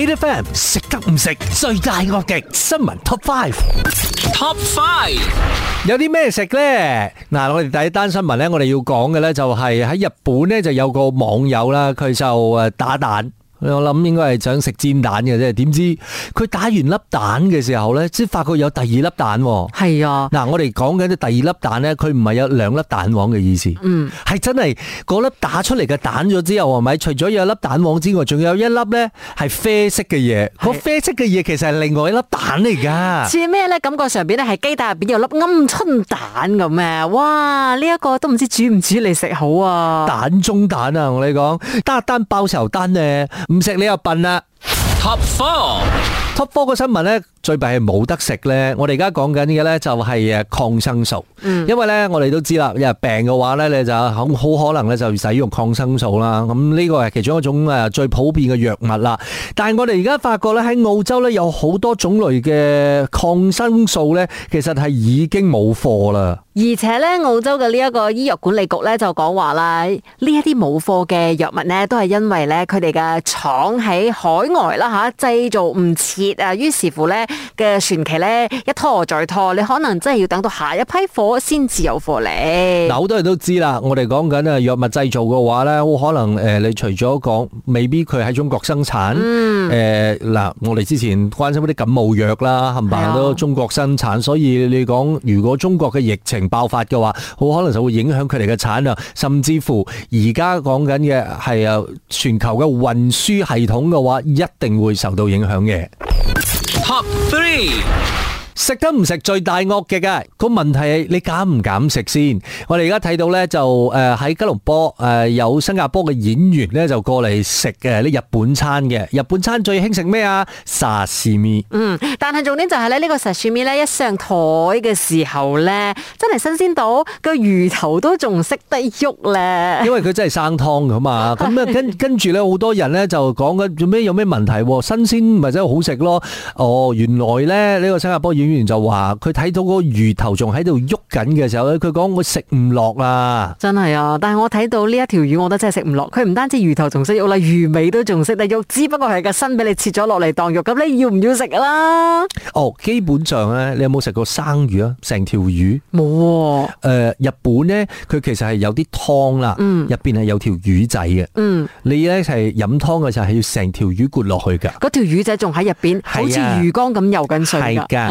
呢啲 friend 食得唔食？罪大惡極新聞 Top Five，Top Five 5. 有啲咩食呢？嗱，我哋第一單新聞咧，我哋要講嘅咧就係喺日本咧就有個網友啦，佢就誒打蛋。我諗應該係想食煎蛋嘅啫，點知佢打完粒蛋嘅時候咧，先發覺有第二粒蛋。係啊，嗱，我哋講緊啲第二粒蛋咧，佢唔係有兩粒蛋黃嘅意思，嗯，係真係嗰粒打出嚟嘅蛋咗之後，係咪除咗有粒蛋黃之外，仲有一粒咧係啡色嘅嘢，個啡色嘅嘢其實係另外一粒蛋嚟噶。似咩咧？感覺上邊咧係雞蛋入邊有粒鵪鶉蛋咁啊！咩？哇，呢一個都唔知煮唔煮嚟食好啊！蛋中蛋啊！我你講單蛋包壽蛋咧。唔食你又笨啦。Top four，Top four 個新聞咧最弊係冇得食咧。我哋而家講緊嘅咧就係誒抗生素，嗯、因為咧我哋都知啦，因為病嘅話咧你就好可能咧就使用抗生素啦。咁呢個係其中一種誒最普遍嘅藥物啦。但係我哋而家發覺咧喺澳洲咧有好多種類嘅抗生素咧，其實係已經冇貨啦。而且咧，澳洲嘅呢一個醫藥管理局咧就講話啦，呢一啲冇貨嘅藥物呢都係因為咧佢哋嘅廠喺海外啦吓，製造唔切啊，於是乎咧嘅船期咧一拖再拖，你可能真係要等到下一批貨先至有貨嚟。嗱，好多人都知啦，我哋講緊啊藥物製造嘅話咧，好可能誒、呃，你除咗講未必佢喺中國生產，誒嗱、嗯呃，我哋之前關心嗰啲感冒藥啦，係咪都中國生產，所以你講如果中國嘅疫情，爆發嘅話，好可能就會影響佢哋嘅產量，甚至乎而家講緊嘅係啊全球嘅運輸系統嘅話，一定會受到影響嘅。Top 3食得唔食罪大惡極嘅？個問題係你敢唔敢食先？我哋而家睇到咧就，誒喺吉隆坡誒，有新加坡嘅演員咧就過嚟食嘅啲日本餐嘅。日本餐最興食咩啊？沙西米，嗯，但係重點就係咧呢個沙西米咧一上台嘅時候咧真係新鮮到個魚頭都仲識得喐咧。 因為佢真係生湯噶嘛，咁咧跟跟住咧好多人咧就講緊做咩有咩問題？新鮮咪真係好食咯。哦，原來咧呢個新加坡演專員就話佢睇到個魚頭仲喺度喐緊嘅時候咧，佢講我食唔落啊！真係啊！但係我睇到呢一條魚，我覺得真係食唔落。佢唔單止魚頭仲識喐啦，魚尾都仲識得喐。只不過係個身俾你切咗落嚟當肉。咁你要唔要食啦？哦，基本上咧，你有冇食過生魚啊？成條魚冇誒、哦呃。日本咧，佢其實係有啲湯啦，入邊係有條魚仔嘅，嗯，你咧係飲湯嘅時候係要成條魚攣落去噶。嗰條魚仔仲喺入邊，啊、好似魚缸咁游緊水。噶。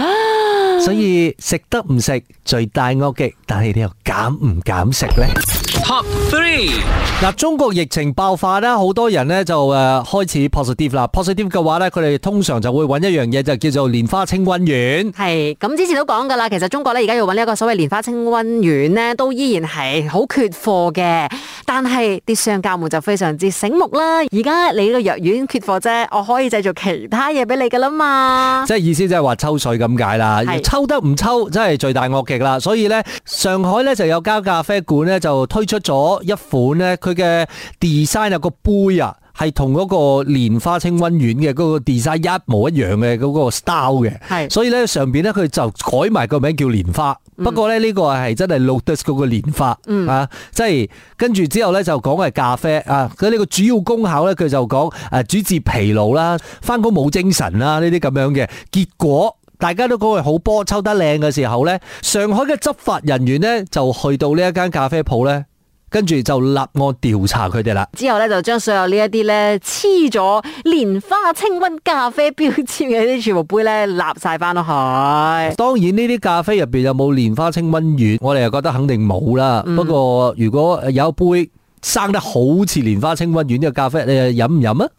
所以食得唔食，罪大惡極，但係你又減唔減食呢？Top three 嗱，啊，中國疫情爆發啦，好多人咧，就誒、呃、開始 positive 啦。positive 嘅話咧，佢哋通常就會揾一樣嘢就叫做蓮花清瘟丸。係咁，之前都講噶啦，其實中國咧而家要揾呢一個所謂蓮花清瘟丸咧，都依然係好缺貨嘅。但係啲上教們就非常之醒目啦。而家你個藥丸缺貨啫，我可以製造其他嘢俾你噶啦嘛。即係意思即係話抽水咁解啦，是抽得唔抽真係罪大惡極啦。所以咧，上海咧就有家咖啡館咧就推推出咗一款咧，佢嘅 design 有個杯啊，係同嗰個蓮花清瘟丸嘅嗰個 design 一模一樣嘅嗰個 style 嘅，係，所以咧上邊咧佢就改埋個名叫蓮花，不過咧呢個係真係 lotus 嗰個蓮花，啊，即係跟住之後咧就講係咖啡啊，佢呢個主要功效咧佢就講誒主治疲勞啦，翻工冇精神啦呢啲咁樣嘅，結果大家都講係好波抽得靚嘅時候咧，上海嘅執法人員咧就去到呢一間咖啡鋪咧。跟住就立案調查佢哋啦，之後咧就將所有呢一啲咧黐咗蓮花清瘟咖啡標籤嘅啲全部杯咧立晒翻落去。當然呢啲咖啡入邊有冇蓮花清瘟丸，我哋又覺得肯定冇啦。不過如果有一杯生得好似蓮花清瘟丸呢個咖啡，你又飲唔飲啊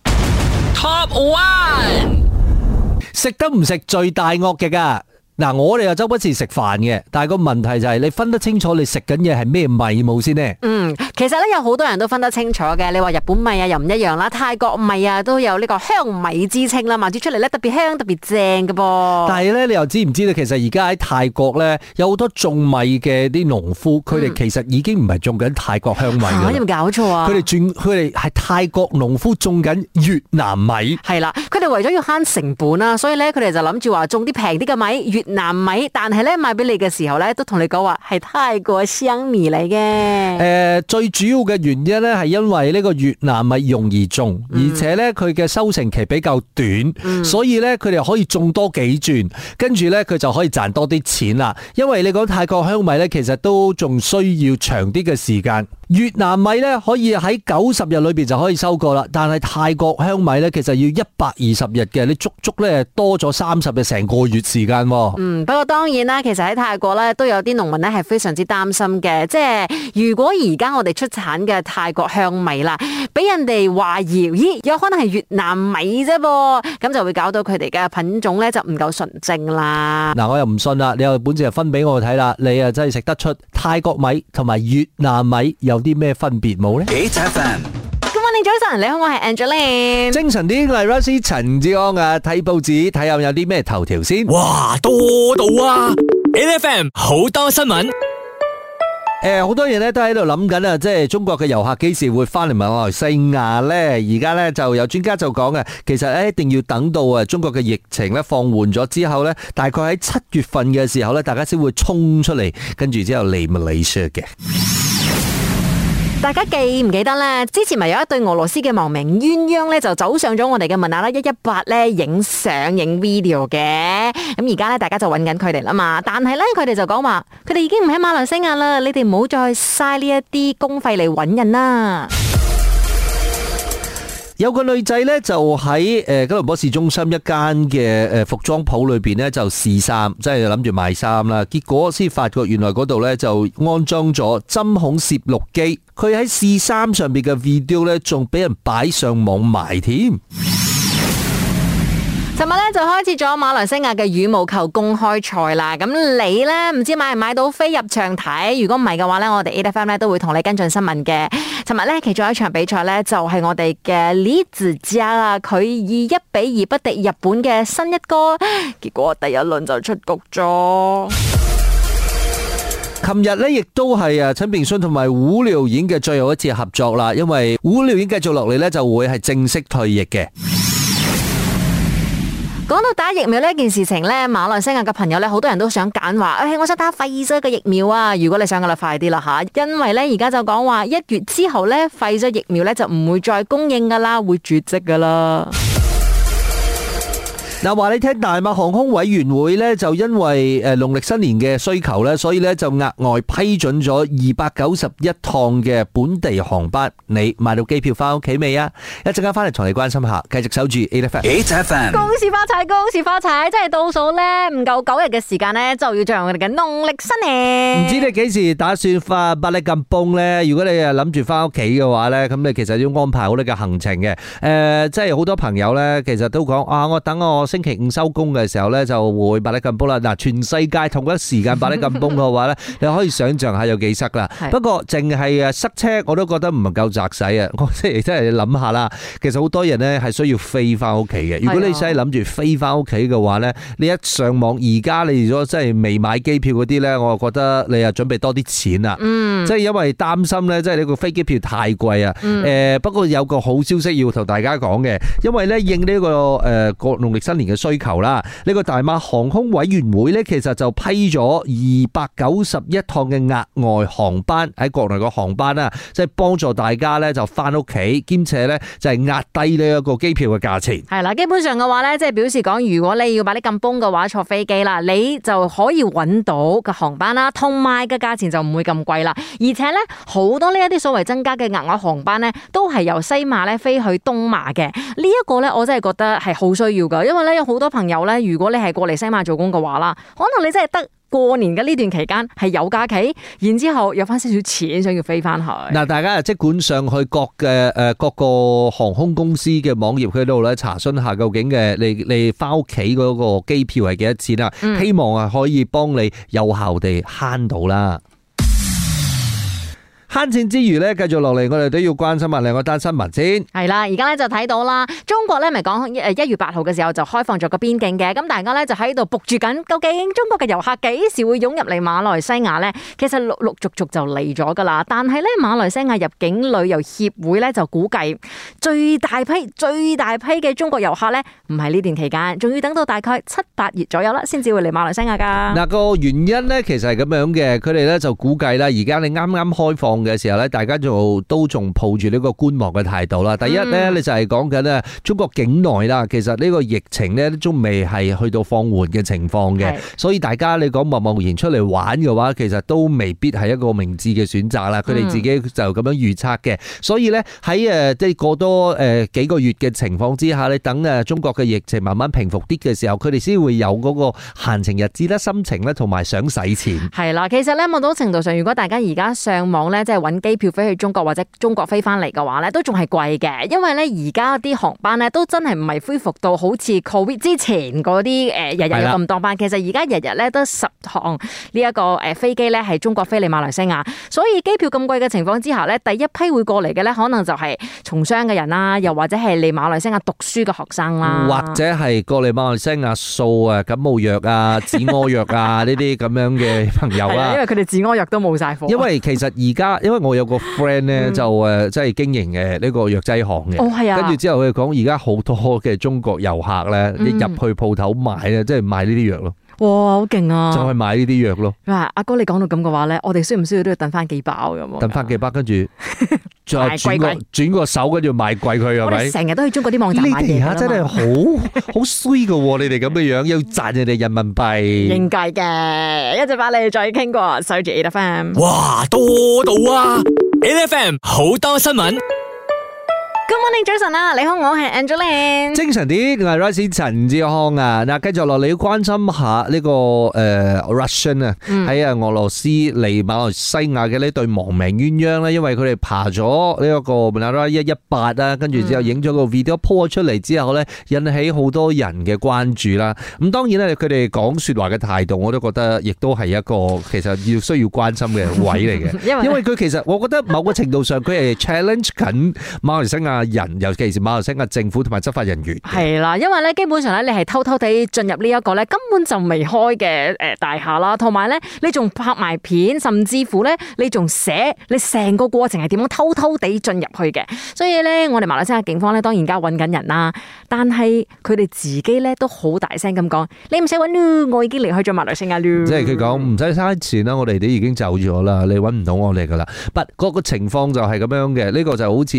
？Top one，食得唔食罪大惡極㗎！.嗱，我哋又周不時食飯嘅，但係個問題就係你分得清楚你食緊嘢係咩迷霧先呢？嗯其實咧有好多人都分得清楚嘅，你話日本米啊又唔一樣啦，泰國米啊都有呢個香米之稱啦嘛，煮出嚟咧特別香特別正㗎噃。但係咧你又知唔知咧？其實而家喺泰國咧有好多種米嘅啲農夫，佢哋其實已經唔係種緊泰國香米啦。有冇、嗯、搞錯啊？佢哋轉佢哋係泰國農夫種緊越南米。係啦，佢哋為咗要慳成本啊，所以咧佢哋就諗住話種啲平啲嘅米，越南米。但係咧賣俾你嘅時候咧都同你講話係泰國香米嚟嘅。誒、呃、最。主要嘅原因咧，係因為呢個越南米容易種，而且咧佢嘅收成期比較短，嗯、所以咧佢哋可以種多幾轉，跟住咧佢就可以賺多啲錢啦。因為你講泰國香米咧，其實都仲需要長啲嘅時間。越南米咧可以喺九十日裏邊就可以收割啦，但係泰國香米咧其實要一百二十日嘅，你足足咧多咗三十日成個月時間。嗯，不過當然啦，其實喺泰國咧都有啲農民咧係非常之擔心嘅，即係如果而家我哋。出產嘅泰國香米啦，俾人哋懷疑，咦，有可能係越南米啫噃，咁就會搞到佢哋嘅品種咧就唔夠純正啦。嗱，我又唔信啦，你有本事就分俾我睇啦，你啊真係食得出泰國米同埋越南米有啲咩分別冇咧？N F M，各位你早晨，你好，我係 Angeline，精神啲係 Rusi，陳志安啊，睇報紙睇下有啲咩頭條先。哇，多到啊，N F M 好多新聞。誒，好多嘢咧都喺度諗緊啊！即係中國嘅遊客幾時會翻嚟馬來西亞呢？而家呢，就有專家就講嘅，其實一定要等到誒中國嘅疫情咧放緩咗之後咧，大概喺七月份嘅時候咧，大家先會衝出嚟，跟住之後嚟 Malaysia 嘅。大家記唔記得呢？之前咪有一對俄羅斯嘅亡命鴛鴦咧，就走上咗我哋嘅文雅啦一一八咧，影相、影 video 嘅。咁而家咧，大家就揾緊佢哋啦嘛。但係呢，佢哋就講話，佢哋已經唔喺馬來西亞啦，你哋唔好再嘥呢一啲公費嚟揾人啦。有個女仔呢，就喺誒吉隆坡市中心一間嘅誒服裝鋪裏邊呢，就試衫，即係諗住買衫啦。結果先發覺，原來嗰度呢，就安裝咗針孔攝錄機，佢喺試衫上面嘅 video 呢，仲俾人擺上網賣添。尋日咧就開始咗馬來西亞嘅羽毛球公開賽啦。咁你咧唔知買唔買到飛入場睇？如果唔係嘅話咧，我哋 ATFM 咧都會同你跟進新聞嘅。尋日咧其中一場比賽咧，就係我哋嘅李梓嘉啊，佢以一比二不敵日本嘅新一哥，結果第一輪就出局咗。琴日咧亦都係啊，陳炳順同埋吳柳瑩嘅最後一次合作啦，因為吳柳瑩繼續落嚟咧就會係正式退役嘅。講到打疫苗呢件事情咧，馬來西亞嘅朋友咧，好多人都想揀話，誒、哎，我想打輝瑞嘅疫苗啊！如果你想嘅啦，快啲啦吓，因為咧而家就講話一月之後呢，輝瑞疫苗呢就唔會再供應噶啦，會絕跡噶啦。嗱，話你聽，大馬航空委員會咧就因為誒農曆新年嘅需求咧，所以咧就額外批准咗二百九十一趟嘅本地航班。你買到機票翻屋企未啊？一陣間翻嚟同你關心下，繼續守住 eight FM。eight FM，恭喜發財，恭喜發財！即係倒數咧，唔夠九日嘅時間咧，就要進入我哋嘅農曆新年。唔知你幾時打算發百力金崩咧？如果你啊諗住翻屋企嘅話咧，咁你其實要安排好你嘅行程嘅。誒，即係好多朋友咧，其實都講啊，我等我。星期五收工嘅時候咧，就會百呢咁煲啦。嗱，全世界同一時間百呢咁煲嘅話咧，你可以想象下有幾塞啦。不過淨係誒塞車，我都覺得唔夠曬使啊！我真係真係諗下啦。其實好多人咧係需要飛翻屋企嘅。如果你真係諗住飛翻屋企嘅話咧，你一上網而家你如果真係未買機票嗰啲咧，我覺得你又準備多啲錢啦。嗯，即係因為擔心咧，即係呢個飛機票太貴啊。誒，不過有個好消息要同大家講嘅，因為咧應呢個誒國農曆新嘅需求啦，呢、這個大馬航空委員會呢，其實就批咗二百九十一趟嘅額外航班喺國內嘅航班啊，即、就、係、是、幫助大家呢，就翻屋企，兼且呢，就係壓低呢一個機票嘅價錢。係啦，基本上嘅話呢，即係表示講，如果你要把呢咁崩嘅話坐飛機啦，你就可以揾到個航班啦，同埋嘅價錢就唔會咁貴啦。而且呢，好多呢一啲所謂增加嘅額外航班呢，都係由西馬呢飛去東馬嘅。呢、這、一個呢，我真係覺得係好需要噶，因為都有好多朋友咧，如果你係過嚟西馬做工嘅話啦，可能你真係得過年嘅呢段期間係有假期，然之後有翻少少錢，想要飛翻去。嗱，大家啊，即管上去各嘅誒各個航空公司嘅網頁，去度咧查詢下究竟你你翻屋企嗰個機票係幾多錢啦？希望係可以幫你有效地慳到啦。嗯慳錢之餘咧，繼續落嚟，我哋都要關心一下另外一個單新聞先。係啦，而家咧就睇到啦，中國咧咪講一月八號嘅時候就開放咗個邊境嘅，咁大家咧就喺度伏住緊，究竟中國嘅遊客幾時會湧入嚟馬來西亞呢？其實陸陸續續就嚟咗噶啦，但係咧馬來西亞入境旅遊協會咧就估計，最大批、最大批嘅中國遊客咧唔係呢段期間，仲要等到大概七八月左右啦，先至會嚟馬來西亞噶。嗱，個原因咧，其實係咁樣嘅，佢哋咧就估計啦，而家你啱啱開放。嘅時候咧，大家就都仲抱住呢個觀望嘅態度啦。第一咧，你就係講緊咧中國境內啦，其實呢個疫情咧都未係去到放緩嘅情況嘅，所以大家你講默默然出嚟玩嘅話，其實都未必係一個明智嘅選擇啦。佢哋自己就咁樣預測嘅，所以咧喺誒即係過多誒幾個月嘅情況之下，你等誒中國嘅疫情慢慢平復啲嘅時候，佢哋先會有嗰個閒情日子咧、心情咧同埋想使錢。係啦，其實咧某種程度上，如果大家而家上網咧。即係揾機票飛去中國或者中國飛翻嚟嘅話咧，都仲係貴嘅，因為咧而家啲航班咧都真係唔係恢復到好似 Covid 之前嗰啲誒日日有咁多班。是的 其實而家日日咧都十航呢一個誒飛機咧係中國飛嚟馬來西亞，所以機票咁貴嘅情況之下咧，第一批會過嚟嘅咧，可能就係從商嘅人啦，又或者係嚟馬來西亞讀書嘅學生啦，或者係過嚟馬來西亞掃啊感冒藥啊止屙藥啊呢啲咁樣嘅朋友啦。 因為佢哋止屙藥都冇晒貨。因為其實而家因為我有個 friend 咧，就誒即係經營誒呢個藥劑行嘅，跟住、嗯、之後佢講，而家好多嘅中國遊客咧，一入去鋪頭買啊，即係買呢啲藥咯。哇，好勁啊！就去買呢啲藥咯。喂、啊，阿哥你講到咁嘅話咧，我哋需唔需要都要，要等翻幾包？咁？等翻幾包？跟住再轉轉個， 個，個手，跟住賣貴佢係咪？成日 吧都去中國啲網站買嘢，真係好 好衰噶，啊！你哋咁嘅樣，要賺人哋人民幣。應該嘅，一陣翻嚟再傾過。收住 A F M。哇，多到啊！A F M 好多新聞。Good morning 各位早晨啊，你好，我係 Angeline。精神啲，rising 陳志康啊！嗱，繼續落嚟，你要關心下呢、這個誒、呃、Russian 啊、嗯，喺啊俄羅斯嚟馬來西亞嘅呢對亡命鴛鴦咧，因為佢哋爬咗呢一個曼拉一一八啦，跟住之後影咗個 video po 出嚟之後咧，引起好多人嘅關注啦。咁當然咧，佢哋講說話嘅態度，我都覺得亦都係一個其實要需要關心嘅位嚟嘅， 因為因為佢其實我覺得某個程度上佢係 challenge 緊馬來西亞。人，尤其是馬來西亞政府同埋執法人員，係啦，因為咧基本上咧，你係偷偷地進入呢一個咧，根本就未開嘅誒大廈啦，同埋咧，你仲拍埋片，甚至乎咧，你仲寫你成個過程係點樣偷偷地進入去嘅。所以咧，我哋馬來西亞警方咧，當然而家揾緊人啦，但係佢哋自己咧都好大聲咁講，你唔使揾啦，我已經離開咗馬來西亞啦。即係佢講，唔使嘥錢啦，我哋啲已經走咗啦，你揾唔到我哋噶啦。不過個情況就係咁樣嘅，呢個就好似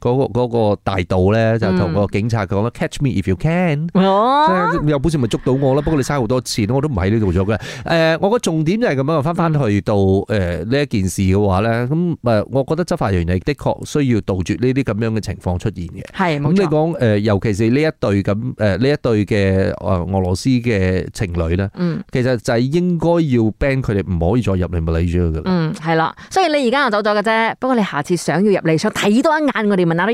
嗰嗰個大道咧就同個警察講啦，Catch me if you can，即係有本事咪捉到我咯。不過你嘥好多錢，我都唔喺呢度做嘅。誒，我個重點就係咁樣，翻翻去到誒呢一件事嘅話咧，咁誒，我覺得執法人員亦的確需要杜絕呢啲咁樣嘅情況出現嘅。係，咁你講誒，尤其是呢一對咁誒呢一對嘅誒俄羅斯嘅情侶咧，嗯，其實就係應該要 ban 佢哋唔可以再入嚟咪理咗佢噶啦。嗯，係啦，所以你而家又走咗嘅啫。不過你下次想要入嚟想睇多一眼，我哋問下你。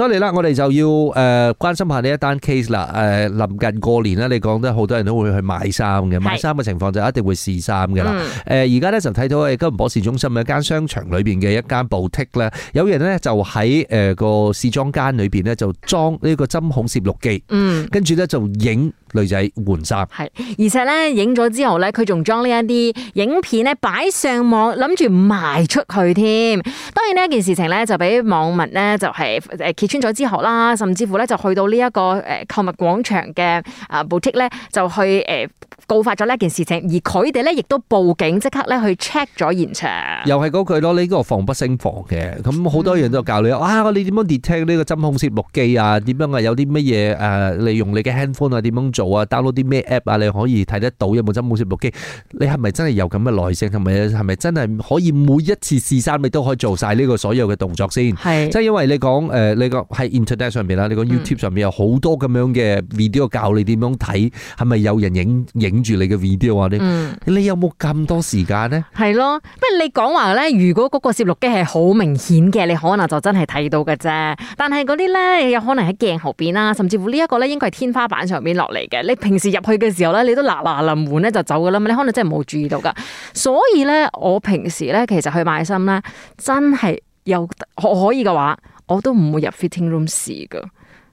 所以嚟啦，我哋就要誒關心下呢一單 case 啦。誒臨近過年咧，你講得好多人都會去買衫嘅，買衫嘅情況就一定會試衫嘅啦。誒而家咧就睇到誒金門博視中心嘅一間商場裏邊嘅一間 boutique 咧，有人咧就喺誒個試裝間裏邊咧就裝呢個針孔攝錄機，跟住咧就影，女仔換衫，係而且咧影咗之後咧，佢仲將呢一啲影片咧擺上網，諗住賣出去添。當然呢一件事情咧，就俾網民咧就係誒揭穿咗之後啦，甚至乎咧就去到呢一個誒購物廣場嘅啊 boutique 咧，就去誒。告發咗呢一件事情，而佢哋咧亦都報警，即刻咧去 check 咗現場。又係嗰句咯，你呢個防不勝防嘅。咁好多人都教你，哇！你點樣 detect 呢個針孔攝錄機啊？點樣啊？有啲乜嘢誒？利用你嘅 handphone 啊？點樣做啊？download 啲咩 app 啊？你可以睇得到有冇針孔攝錄機？你係咪真係有咁嘅耐性？係咪？係咪係咪真係可以每一次試衫你都可以做曬呢個所有嘅動作先？係。即係因為你講誒，你講喺 internet 上邊啦，你講 YouTube 上邊有好多咁樣嘅 video 教你點樣睇，係咪有人影影？住、嗯、你嘅 video 話咧，你有冇咁多時間呢？係咯，咩你講話咧？如果嗰個攝錄機係好明顯嘅，你可能就真係睇到嘅啫。但係嗰啲咧，有可能喺鏡後邊啦，甚至乎呢一個咧，應該係天花板上邊落嚟嘅。你平時入去嘅時候咧，你都嗱嗱臨門咧就走噶啦嘛，你可能真係冇注意到噶。所以咧，我平時咧，其實去買衫咧，真係有可可以嘅話，我都唔會入 fitting room 試嘅，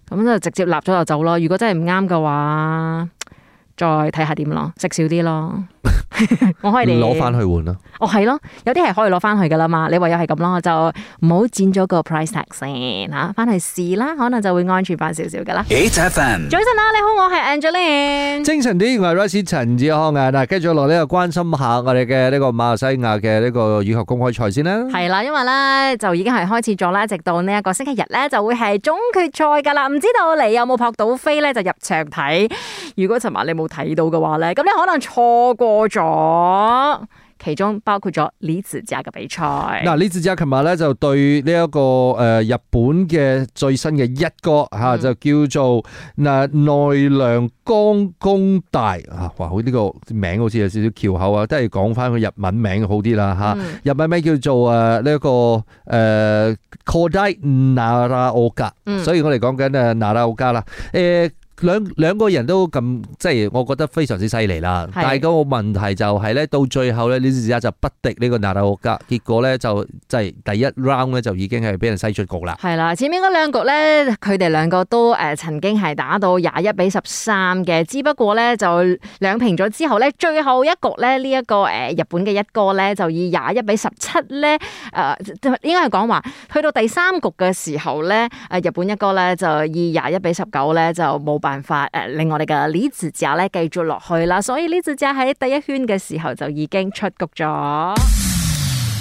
咁就直接立咗就走咯。如果真係唔啱嘅話，再睇下點咯，食少啲咯。 我可以攞翻去換咯，哦係咯，有啲係可以攞翻去噶啦嘛，你唯有係咁咯，就唔好剪咗個 price tag 先吓，翻、啊、去試啦，可能就會安全翻少少噶啦。HFM 早晨啊，你好，我係 Angeline，精神啲，我係 Rose 陳志康啊，嗱，繼續落呢個關心下我哋嘅呢個馬來西亞嘅呢個羽球公開賽先啦，係啦，因為咧就已經係開始咗啦，直到呢一個星期日咧就會係總決賽噶啦，唔知道你有冇撲到飛咧就入場睇，如果尋晚你冇睇到嘅話咧，咁你可能錯過。多咗，其中包括咗李梓嘉嘅比賽。嗱，李梓嘉琴日咧就對呢一個誒日本嘅最新嘅一哥吓，就叫做嗱奈良岡功大吓，話好呢個名好似有少少拗口啊，都係講翻佢日文名好啲啦吓。日文名叫做誒呢一個誒 Kodai 奈良岡，所以我哋講緊咧奈良岡啦，誒。兩兩個人都咁即係，我覺得非常之犀利啦。但係個問題就係、是、咧，到最後咧，呢次就不敵呢個大豆格，結果咧就即係第一 round 咧就已經係俾人西出局啦。係啦，前面嗰兩局咧，佢哋兩個都誒、呃、曾經係打到廿一比十三嘅，只不過咧就兩平咗之後咧，最後一局咧呢一、這個誒、呃、日本嘅一哥咧就以廿一比十七咧誒，應該係講話去到第三局嘅時候咧，誒日本一哥咧就以廿一比十九咧就冇辦法誒，令我哋嘅李子只咧繼續落去啦，所以呢隻只喺第一圈嘅時候就已經出局咗。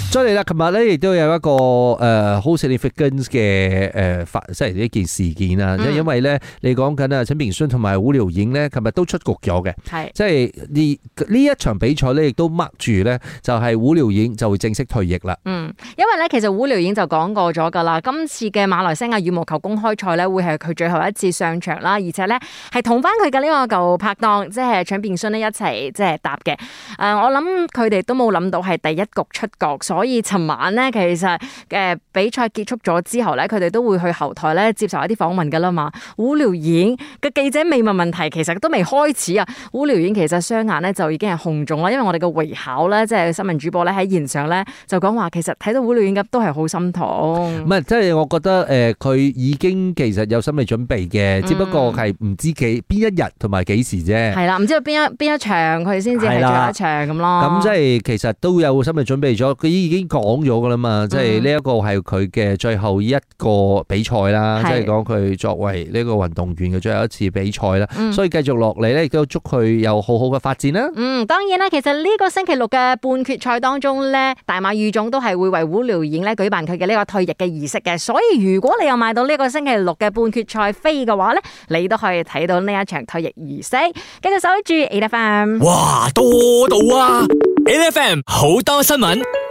再嚟啦！琴日咧亦都有一個誒好、呃、significant 嘅、呃、誒發，即係一件事件啊！嗯、因為咧，你講緊啊，陳炳順同埋吳柳瑩咧，琴日都出局咗嘅。係即係呢呢一場比賽咧，亦都 mark 住咧，就係吳柳瑩就會正式退役啦。嗯，因為咧，其實吳柳瑩就講過咗噶啦，今次嘅馬來西亞羽毛球公開賽咧，會係佢最後一次上場啦，而且咧係同翻佢嘅呢個舊拍檔即係陳炳順咧一齊即係搭嘅。誒、呃、我諗佢哋都冇諗到係第一局出局所以尋晚咧，其實誒比賽結束咗之後咧，佢哋都會去後台咧接受一啲訪問噶啦嘛。烏料演嘅記者未問問題，其實都未開始啊。烏料演其實雙眼咧就已經係紅腫啦，因為我哋嘅圍考咧即係新聞主播咧喺現場咧就講話，其實睇到烏料演嘅都係好心痛、嗯。唔、嗯、係，即係我覺得誒佢已經其實有心理準備嘅，只不過係唔知幾邊一日同埋幾時啫。係啦，唔知道邊一邊一場佢先至係最後一場咁咯。咁即係其實都有心理準備咗，已經講咗噶啦嘛，即係呢一個係佢嘅最後一個比賽啦，嗯、即係講佢作為呢個運動員嘅最後一次比賽啦、嗯、所以繼續落嚟咧，亦都祝佢有好好嘅發展啦。嗯，當然啦，其實呢個星期六嘅半決賽當中咧，大馬羽總都係會為胡劉燕咧舉辦佢嘅呢個退役嘅儀式嘅，所以如果你有買到呢個星期六嘅半決賽飛嘅話咧，你都可以睇到呢一場退役儀式。繼續守住 A F M，哇，多到啊！A F M 好多新聞。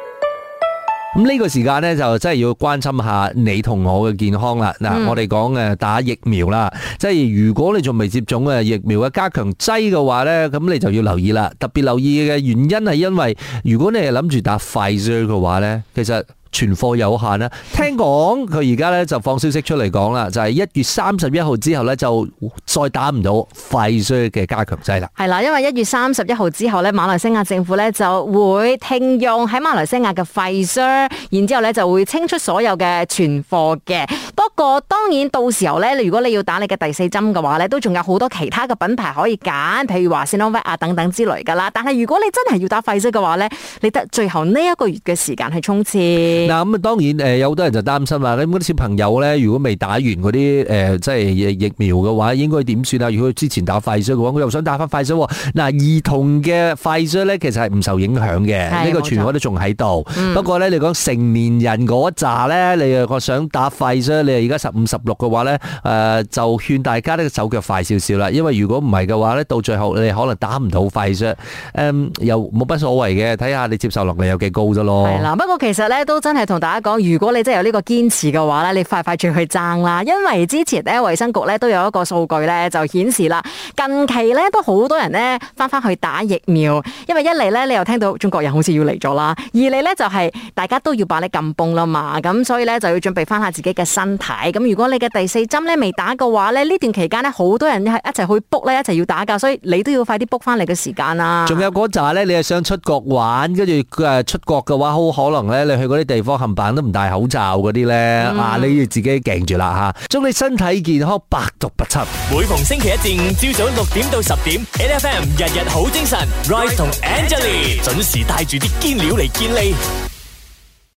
咁呢個時間咧就真係要關心下你同我嘅健康啦。嗱，嗯、我哋講嘅打疫苗啦，即係如果你仲未接種嘅疫苗嘅加強劑嘅話咧，咁你就要留意啦。特別留意嘅原因係因為，如果你係諗住打輝瑞嘅話咧，其實。存貨有限啦，聽講佢而家咧就放消息出嚟講啦，就係一月三十一號之後咧就再打唔到輝瑞嘅加強劑啦。係啦，因為一月三十一號之後咧，馬來西亞政府咧就會停用喺馬來西亞嘅輝瑞，然之後咧就會清出所有嘅存貨嘅。不過當然到時候咧，如果你要打你嘅第四針嘅話咧，都仲有好多其他嘅品牌可以揀，譬如話先康威啊等等之類噶啦。但係如果你真係要打輝瑞嘅話咧，你得最後呢一個月嘅時間去衝刺。嗱咁啊，當然誒有好多人就擔心話咁嗰啲小朋友咧，如果未打完嗰啲誒，即係疫苗嘅話，應該點算啊？如果佢之前打輝瑞，如果佢又想打返輝瑞喎？嗱、啊，兒童嘅輝瑞咧，其實係唔受影響嘅，呢是個全海都仲喺度。錯不過咧，你講成年人嗰紮咧，你又想打輝瑞，你又而家十五十六嘅話咧，誒、呃、就勸大家呢個，手腳快少少啦，因為如果唔係嘅話咧，到最後你可能打唔到輝瑞。又冇乜所謂嘅，睇下你接受能力有幾高啫咯。嗱，不過其實咧都真，係同大家講，如果你真係有呢個堅持嘅話咧，你快快轉去爭啦！因為之前咧衛生局咧都有一個數據咧就顯示啦，近期咧都好多人咧翻翻去打疫苗，因為一嚟咧你又聽到中國人好似要嚟咗啦，二嚟咧就係、是、大家都要把你撳泵啦嘛，咁所以咧就要準備翻下自己嘅身體。咁如果你嘅第四針咧未打嘅話咧，呢段期間咧好多人一齊去 book 咧一齊要打噶，所以你都要快啲 book 翻嚟嘅時間啊！仲有嗰扎咧，你係想出國玩，跟住誒出國嘅話好可能咧，你去嗰啲地。地方冚唪唥都唔戴口罩嗰啲咧，嗯、啊！你要自己勁住啦吓，祝你身體健康，百毒不侵。每逢星期一至五，朝早六點到十點，N F M 日日好精神 Rice 同 Angelie 準時帶住啲堅料嚟健力。